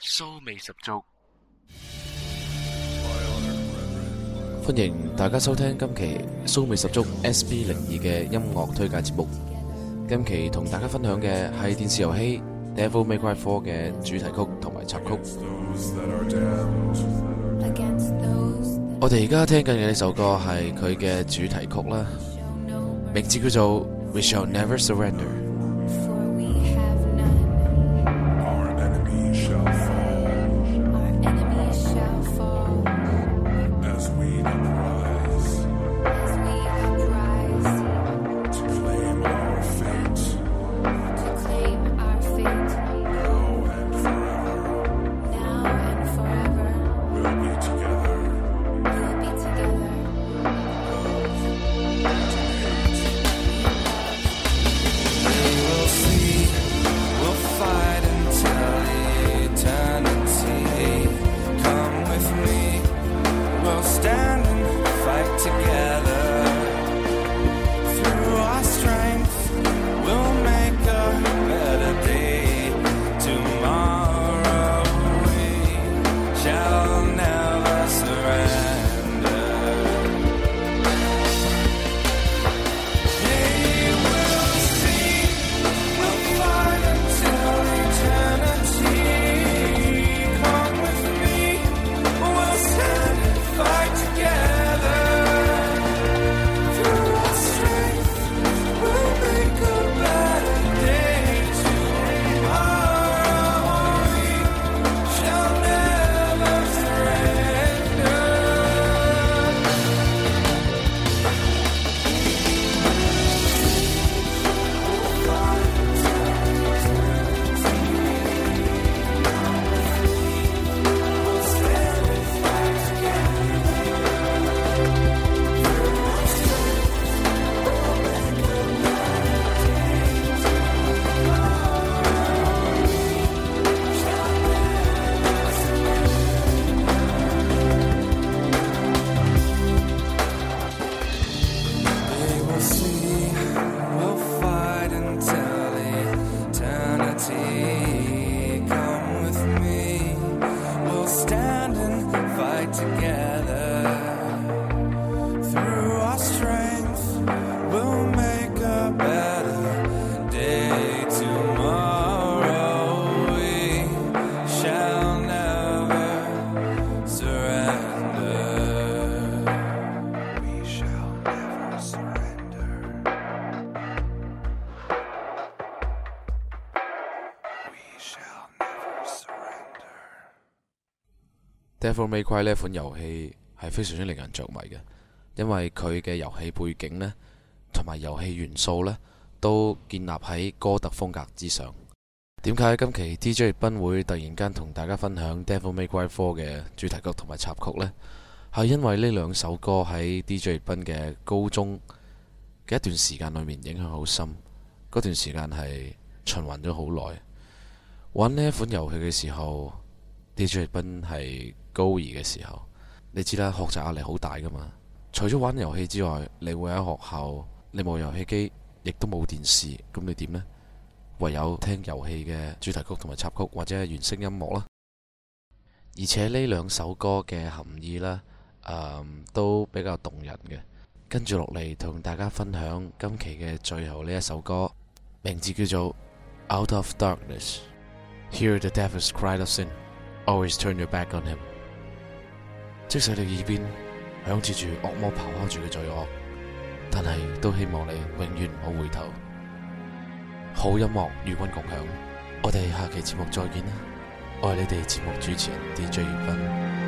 蘇味十足，歡迎大家收聽今期蘇味十足 SP 零二嘅音樂推介節目。今期同大家分享嘅係電視遊戲《Devil May Cry 4》嘅主題曲同埋插曲。我哋而家聽緊嘅呢首歌係佢嘅主題曲啦，名字叫做《We Shall Never Surrender》。Devil May Cry 呢款遊戲係非常之令人着迷嘅，因為佢嘅遊戲背景呢，同埋遊戲元素呢，都建立喺哥特風格之上。點解今期 DJ 冰會突然間同大家分享 Devil May Cry 4嘅主題曲同埋插曲呢？係因為呢兩首歌喺 DJ 冰嘅高中嘅一段時間裏面影響好深，嗰段時間係循環咗好耐。玩呢一款遊戲嘅時候。你住喺賓係高二嘅時候，你知啦，學習壓力好大噶嘛。除咗玩遊戲之外，你會喺學校你冇遊戲機，亦都冇電視，咁你點呢？唯有聽遊戲嘅主題曲同埋插曲或者係原聲音樂啦。而且呢兩首歌嘅含義啦，誒、嗯、都比較動人嘅。跟住落嚟同大家分享今期嘅最後呢一首歌，名字叫做《Out of Darkness》，Hear the Devils Cry of Sin Always turn your back on him，即使你耳邊響徹住惡魔咆哮住嘅罪惡，但係都希望你永遠唔好回頭。好音樂與君共享，我哋下期節目再見啦！我係你哋節目主持人 D.J. 彥芬